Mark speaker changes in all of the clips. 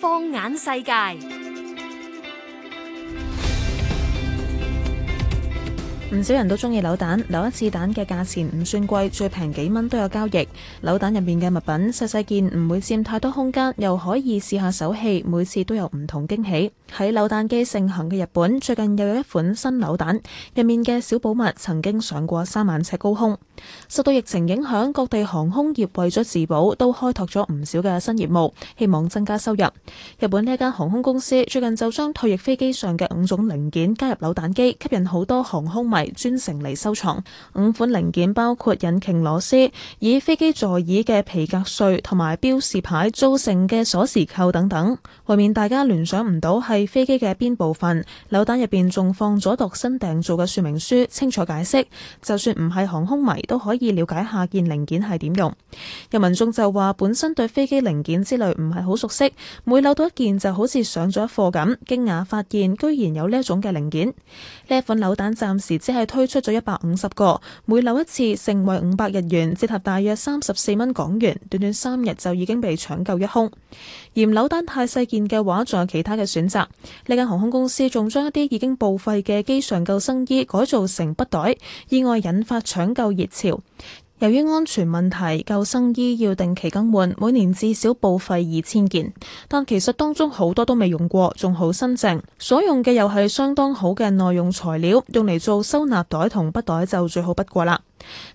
Speaker 1: 放眼世界。唔少人都中意扭蛋，扭一次蛋嘅價錢唔算貴，最平幾蚊都有交易。扭蛋入面嘅物品細細件，唔會佔太多空間，又可以試下手氣，每次都有唔同驚喜。喺扭蛋機盛行嘅日本，最近又有一款新扭蛋，入面嘅小寶物曾經上過三萬尺高空。受到疫情影響，各地航空業為咗自保，都開拓咗唔少嘅新業務，希望增加收入。日本呢間航空公司最近就將退役飛機上嘅五種零件加入扭蛋機，吸引好多航空迷。專程嚟收藏五款零件，包括引擎螺絲、以飛機座椅嘅皮革碎同埋標示牌造成嘅鎖匙扣等等。為免大家聯想唔到係飛機嘅邊部分，扭蛋入邊仲放咗度身訂做嘅說明書，清楚解釋，就算唔係航空迷都可以了解下件零件係點用。有民眾就話，本身對飛機零件之類唔係好熟悉，每扭到一件就好似上咗一課咁，驚訝發現居然有呢種嘅零件。呢一款扭蛋暫時係推出咗一百五十個，每扭一次，成為五百日元，折合大約三十四蚊港元。短短三日就已經被搶購一空。嫌扭蛋太細件嘅話，仲有其他嘅選擇。呢間航空公司仲將一啲已經報廢嘅機上救生衣改造成筆袋，意外引發搶購熱潮。由於安全問題，救生衣要定期更換，每年至少報廢二千件。但其實當中好多都未用過，仲好新淨。所用嘅又係相當好嘅耐用材料，用嚟做收納袋同筆袋就最好不過啦。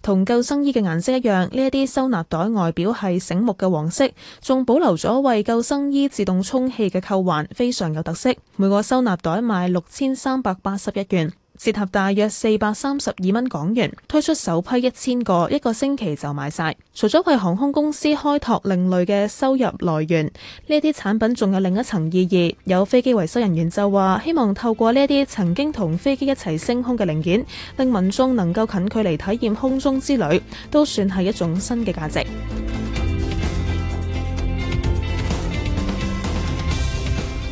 Speaker 1: 同救生衣嘅顏色一樣，呢一啲收納袋外表係醒目嘅黃色，仲保留咗為救生衣自動充氣嘅扣環，非常有特色。每個收納袋賣六千三百八十一元。折合大約四百三十二蚊港元，推出首批一千個，一個星期就賣晒。除咗為航空公司開拓另類嘅收入來源，呢啲產品仲有另一層意義。有飛機維修人員就話，希望透過呢啲曾經同飛機一齊升空嘅零件，令民眾能夠近距離體驗空中之旅，都算係一種新嘅價值。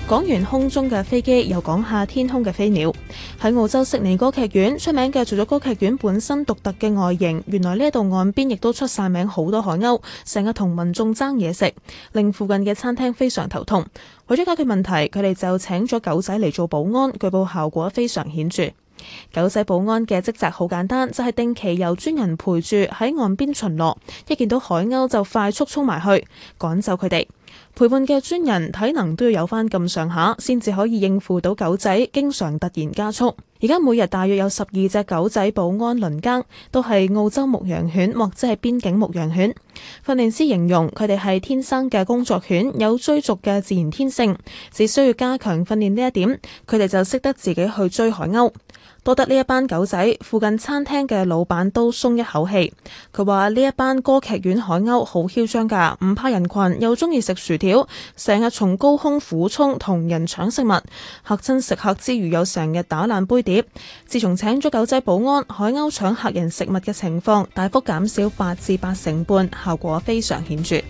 Speaker 1: 講完空中嘅飛機，又講下天空嘅飛鳥。喺澳洲悉尼歌劇院出名嘅，除咗歌劇院本身獨特嘅外形，原來呢一度岸邊亦都出晒名，好多海鷗成日同民眾爭嘢食，令附近嘅餐廳非常頭痛。為咗解決問題，佢哋就請咗狗仔嚟做保安，據報效果非常顯著。狗仔保安嘅職責好簡單，就係定期由專人陪住喺岸邊巡邏，一見到海鷗就快速衝埋去趕走佢哋。陪伴嘅專人體能都要有翻咁上下，先至可以應付到狗仔經常突然加速。而家每日大約有十二隻狗仔保安輪更，都係澳洲牧羊犬或者係邊境牧羊犬。訓練師形容佢哋係天生嘅工作犬，有追逐嘅自然天性，只需要加強訓練呢一點，佢哋就識得自己去追海鷗。多得呢一班狗仔，附近餐廳嘅老闆都鬆一口氣，佢話呢一班歌劇院海鷗好囂張噶，唔怕人群，又中意食薯條，成日從高空俯衝同人搶食物，吓親食客之餘又成日打爛杯碟。自從請咗狗仔保安，海鷗搶客人食物嘅情況大幅減少八至八成半，效果非常顯著。